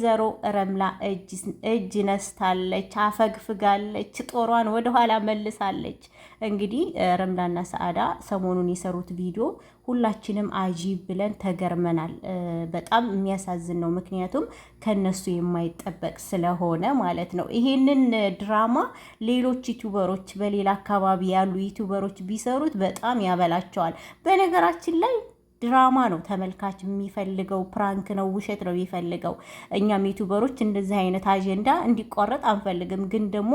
ወይዘሮ ረምላ እጅ ነስታለች፣ አፈግፍጋለች፣ ጦሯን ወደኋላ መልሳለች። እንግዲህ ረምላና ሰአዳ ሰሞኑን የሰሩት ቪዲዮ ሁላችንም አጂብ ብለን ተገርመናል። በጣም የሚያሳዝን ነው። ምክንያቱም ከነሱ የማይጠበቅ ስለሆነ ማለት ነው። ይሄንን ድራማ ሌሎች ዩቱበሮች፣ በሌላ አካባቢ ያሉ ዩቱበሮች ቢሰሩት በጣም ያበላቸዋል። በነገራችን ላይ ድራማ ነው ተመልካች የሚፈልገው፣ ፕራንክ ነው፣ ውሸት ነው የሚፈልገው። እኛም ዩቱበሮች እንደዚህ አይነት አጀንዳ እንዲቋረጥ አንፈልግም፣ ግን ደግሞ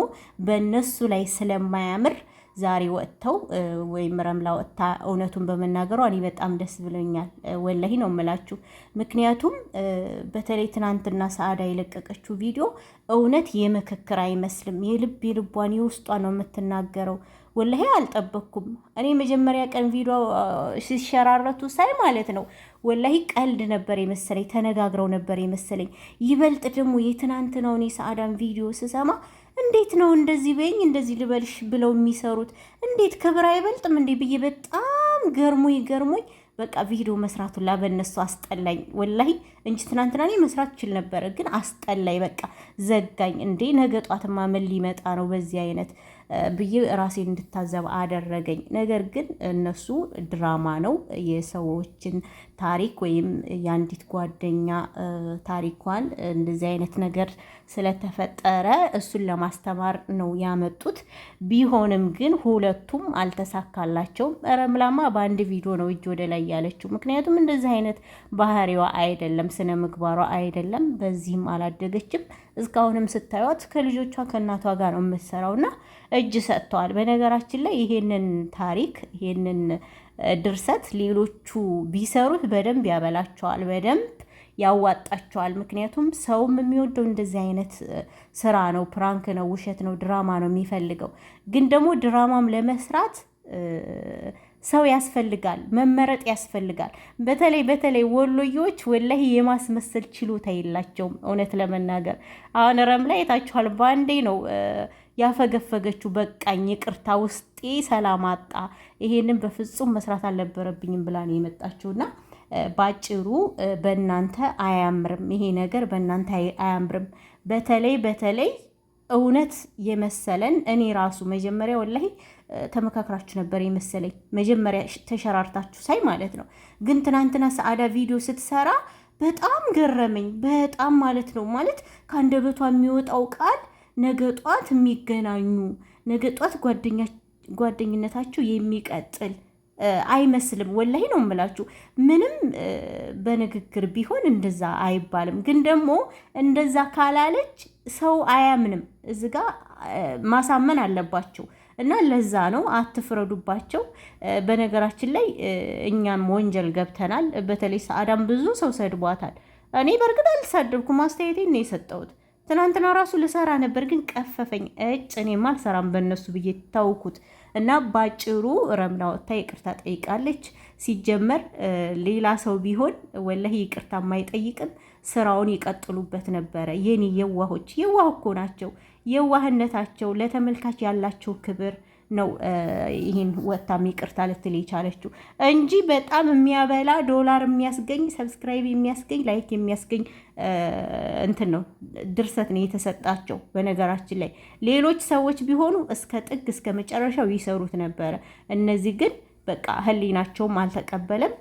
በእነሱ ላይ ስለማያምር ዛሬ ወጥተው ወይም ረምላ ወጥታ እውነቱን በመናገሯ እኔ በጣም ደስ ብሎኛል። ወላሂ ነው የምላችሁ። ምክንያቱም በተለይ ትናንትና ሰአዳ የለቀቀችው ቪዲዮ እውነት የምክክር አይመስልም። የልብ የልቧን የውስጧ ነው የምትናገረው። ወላሂ አልጠበኩም። እኔ መጀመሪያ ቀን ቪዲዮ ሲሸራረቱ ሳይ ማለት ነው ወላሂ ቀልድ ነበር የመሰለኝ፣ ተነጋግረው ነበር የመሰለኝ። ይበልጥ ደግሞ የትናንትናውን የሰአዳን ቪዲዮ ስሰማ እንዴት ነው እንደዚህ በይኝ እንደዚህ ልበልሽ ብለው የሚሰሩት? እንዴት ክብር አይበልጥም እንዴ ብዬ በጣም ገርሞኝ ገርሞኝ በቃ ቪዲዮ መስራቱ ላበነሱ አስጠላኝ ወላሂ እንጂ ትናንትና እኔ መስራት ይችል ነበረ፣ ግን አስጠላኝ። በቃ ዘጋኝ። እንዴ ነገ ጧትማ ምን ሊመጣ ነው በዚህ አይነት ብዬ ራሴን እንድታዘብ አደረገኝ። ነገር ግን እነሱ ድራማ ነው የሰዎችን ታሪክ ወይም የአንዲት ጓደኛ ታሪኳን እንደዚህ አይነት ነገር ስለተፈጠረ እሱን ለማስተማር ነው ያመጡት። ቢሆንም ግን ሁለቱም አልተሳካላቸውም። ረምላማ በአንድ ቪዲዮ ነው እጅ ወደ ላይ ያለችው። ምክንያቱም እንደዚህ አይነት ባህሪዋ አይደለም፣ ስነ ምግባሯ አይደለም። በዚህም አላደገችም። እስካሁንም ስታዩት ከልጆቿ ከእናቷ ጋር ነው ና እጅ ሰጥተዋል። በነገራችን ላይ ይሄንን ታሪክ ይሄንን ድርሰት ሌሎቹ ቢሰሩት በደንብ ያበላቸዋል፣ በደንብ ያዋጣቸዋል። ምክንያቱም ሰውም የሚወደው እንደዚህ አይነት ስራ ነው። ፕራንክ ነው፣ ውሸት ነው፣ ድራማ ነው የሚፈልገው። ግን ደግሞ ድራማም ለመስራት ሰው ያስፈልጋል፣ መመረጥ ያስፈልጋል። በተለይ በተለይ ወሎዬዎች ወላሂ የማስመሰል ችሎታ የላቸውም። እውነት ለመናገር አሁን ረም ላይ የታችኋል፣ በአንዴ ነው ያፈገፈገችው በቃኝ፣ ይቅርታ፣ ውስጤ ሰላም አጣ፣ ይሄንን በፍጹም መስራት አልነበረብኝም ብላ ነው የመጣችውና ባጭሩ በእናንተ አያምርም፣ ይሄ ነገር በእናንተ አያምርም። በተለይ በተለይ እውነት የመሰለን እኔ ራሱ መጀመሪያ ወላሂ ተመካክራችሁ ነበር የመሰለኝ መጀመሪያ ተሸራርታችሁ ሳይ ማለት ነው። ግን ትናንትና ሰአዳ ቪዲዮ ስትሰራ በጣም ገረመኝ። በጣም ማለት ነው ማለት ከአንደበቷ የሚወጣው ቃል ነገ ጧት የሚገናኙ ነገ ጧት ጓደኝነታቸው የሚቀጥል አይመስልም። ወላይ ነው የምላችሁ። ምንም በንግግር ቢሆን እንደዛ አይባልም። ግን ደግሞ እንደዛ ካላለች ሰው አያምንም። እዚጋ ጋ ማሳመን አለባቸው። እና ለዛ ነው አትፍረዱባቸው። በነገራችን ላይ እኛም ወንጀል ገብተናል። በተለይ ሰአዳም ብዙ ሰው ሰድቧታል። እኔ በእርግጥ አልተሳደብኩም፣ አስተያየቴን ነው የሰጠሁት። ትናንትና ራሱ ልሰራ ነበር ግን ቀፈፈኝ እጭ እኔማ አልሰራም በእነሱ ብዬ ታውኩት እና ባጭሩ ረምና ወጥታ ይቅርታ ጠይቃለች። ሲጀመር ሌላ ሰው ቢሆን ወላሂ ይቅርታ አይጠይቅም። ስራውን ይቀጥሉበት ነበረ። የኔ የዋሆች የዋህ እኮ ናቸው። የዋህነታቸው ለተመልካች ያላቸው ክብር ነው ይህን ወታም ይቅርታ ልትል የቻለችው እንጂ በጣም የሚያበላ ዶላር የሚያስገኝ ሰብስክራይብ የሚያስገኝ ላይክ የሚያስገኝ እንትን ነው ድርሰት ነው የተሰጣቸው። በነገራችን ላይ ሌሎች ሰዎች ቢሆኑ እስከ ጥግ እስከ መጨረሻው ይሰሩት ነበረ። እነዚህ ግን በቃ ህሊናቸውም አልተቀበለም።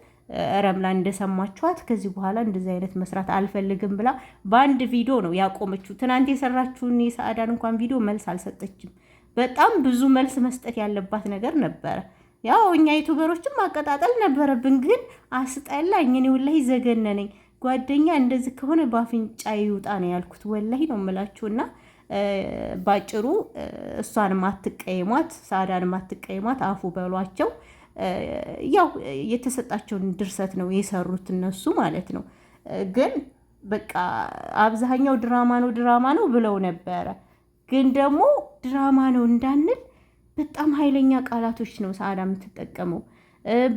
ረምላ እንደሰማችኋት ከዚህ በኋላ እንደዚህ አይነት መስራት አልፈልግም ብላ በአንድ ቪዲዮ ነው ያቆመችው። ትናንት የሰራችውን የሰአዳን እንኳን ቪዲዮ መልስ አልሰጠችም። በጣም ብዙ መልስ መስጠት ያለባት ነገር ነበረ። ያው እኛ ዩቱበሮችም ማቀጣጠል ነበረብን፣ ግን አስጠላኝ። እኔ ወላሂ ዘገነነኝ። ጓደኛ እንደዚህ ከሆነ በአፍንጫ ይውጣ ነው ያልኩት። ወላሂ ነው የምላችሁና ባጭሩ እሷንም አትቀይሟት፣ ሰአዳንም አትቀይሟት፣ አፉ በሏቸው። ያው የተሰጣቸውን ድርሰት ነው የሰሩት እነሱ ማለት ነው። ግን በቃ አብዛኛው ድራማ ነው ድራማ ነው ብለው ነበረ። ግን ደግሞ ድራማ ነው እንዳንል በጣም ኃይለኛ ቃላቶች ነው ሰአዳ የምትጠቀመው።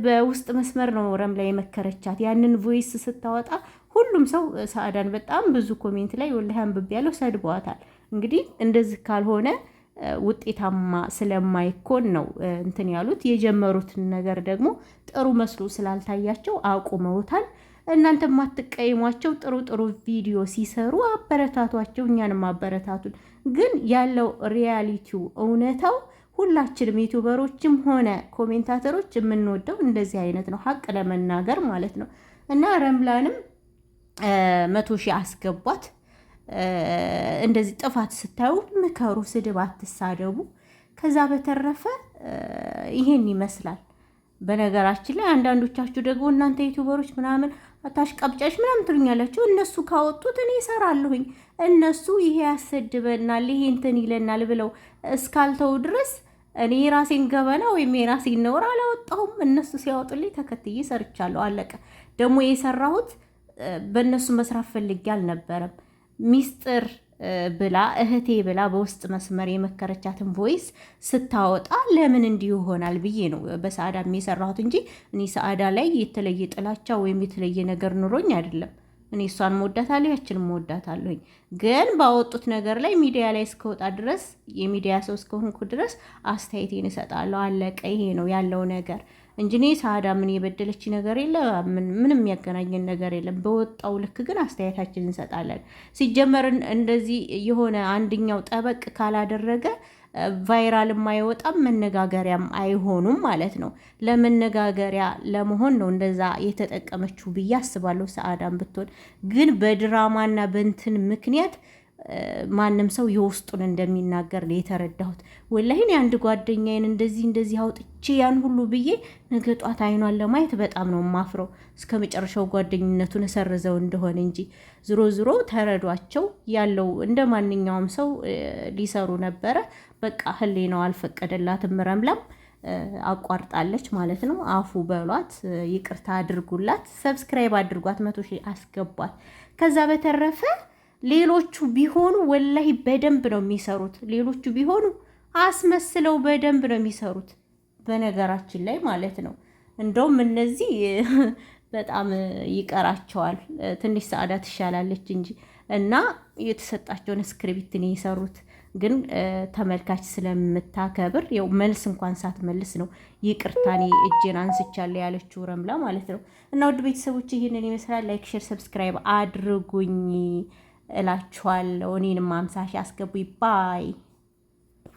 በውስጥ መስመር ነው ረም ላይ የመከረቻት ያንን ቮይስ ስታወጣ ሁሉም ሰው ሰአዳን በጣም ብዙ ኮሜንት ላይ ወላሂ አንብቤ ያለው ሰድበዋታል። እንግዲህ እንደዚህ ካልሆነ ውጤታማ ስለማይኮን ነው እንትን ያሉት። የጀመሩትን ነገር ደግሞ ጥሩ መስሎ ስላልታያቸው አቁመውታል። እናንተ ማትቀይሟቸው ጥሩ ጥሩ ቪዲዮ ሲሰሩ አበረታቷቸው፣ እኛንም አበረታቱን። ግን ያለው ሪያሊቲው እውነታው ሁላችንም ዩቱበሮችም ሆነ ኮሜንታተሮች የምንወደው እንደዚህ አይነት ነው፣ ሀቅ ለመናገር ማለት ነው እና ረምላንም መቶ ሺህ አስገቧት እንደዚህ ጥፋት ስታዩ ምከሩ፣ ስድብ አትሳደቡ። ከዛ በተረፈ ይሄን ይመስላል። በነገራችን ላይ አንዳንዶቻችሁ ደግሞ እናንተ ዩቱበሮች ምናምን አታሽ ታሽቀብጫሽ ምናምን ትሉኛላችሁ። እነሱ ካወጡት እኔ እሰራለሁኝ። እነሱ ይሄ ያሰድበናል፣ ይሄ እንትን ይለናል ብለው እስካልተው ድረስ እኔ የራሴን ገበና ወይም የራሴን ነውር አላወጣሁም። እነሱ ሲያወጡልኝ ተከትዬ ሰርቻለሁ። አለቀ። ደግሞ የሰራሁት በእነሱ መስራት ፈልጌ አልነበረም። ሚስጥር ብላ እህቴ ብላ በውስጥ መስመር የመከረቻትን ቮይስ ስታወጣ ለምን እንዲህ ይሆናል ብዬ ነው በሰአዳ የሰራሁት እንጂ እኔ ሰአዳ ላይ የተለየ ጥላቻ ወይም የተለየ ነገር ኑሮኝ አይደለም። እኔ እሷን መወዳታለሁ፣ ያችን መወዳታለሁኝ። ግን ባወጡት ነገር ላይ ሚዲያ ላይ እስከወጣ ድረስ የሚዲያ ሰው እስከሆንኩ ድረስ አስተያየቴን እሰጣለሁ። አለቀ። ይሄ ነው ያለው ነገር። እንጂ እኔ ሳዳ ምን የበደለች ነገር የለ፣ ምንም የሚያገናኘን ነገር የለም። በወጣው ልክ ግን አስተያየታችን እንሰጣለን። ሲጀመር እንደዚህ የሆነ አንድኛው ጠበቅ ካላደረገ ቫይራልም አይወጣም፣ መነጋገሪያም አይሆኑም ማለት ነው። ለመነጋገሪያ ለመሆን ነው እንደዛ የተጠቀመችው ብዬ አስባለሁ። ሰአዳም ብትሆን ግን በድራማና በንትን ምክንያት ማንም ሰው የውስጡን እንደሚናገር ነው የተረዳሁት። ወላሂን የአንድ ጓደኛዬን እንደዚህ እንደዚህ አውጥቼ ያን ሁሉ ብዬ ነገ ጧት አይኗን ለማየት በጣም ነው ማፍረው። እስከ መጨረሻው ጓደኝነቱን እሰርዘው እንደሆነ እንጂ ዝሮ ዝሮ ተረዷቸው ያለው እንደ ማንኛውም ሰው ሊሰሩ ነበረ። በቃ ህሌ ነው አልፈቀደላትም። ረምላም አቋርጣለች ማለት ነው። አፉ በሏት፣ ይቅርታ አድርጉላት፣ ሰብስክራይብ አድርጓት፣ መቶ ሺህ አስገቧት። ከዛ በተረፈ ሌሎቹ ቢሆኑ ወላሂ በደንብ ነው የሚሰሩት። ሌሎቹ ቢሆኑ አስመስለው በደንብ ነው የሚሰሩት። በነገራችን ላይ ማለት ነው። እንደውም እነዚህ በጣም ይቀራቸዋል። ትንሽ ሰዓዳ ትሻላለች እንጂ እና የተሰጣቸውን እስክሪቢት ነው የሰሩት። ግን ተመልካች ስለምታከብር ያው መልስ እንኳን ሳትመልስ ነው ይቅርታኔ እጄን አንስቻለሁ ያለችው ረምላ ማለት ነው። እና ውድ ቤተሰቦች ይህንን ይመስላል። ላይክ፣ ሼር፣ ሰብስክራይብ አድርጉኝ። እላችኋለሁ። እኔንም አምሳ ሺህ አስገቡ ይባይ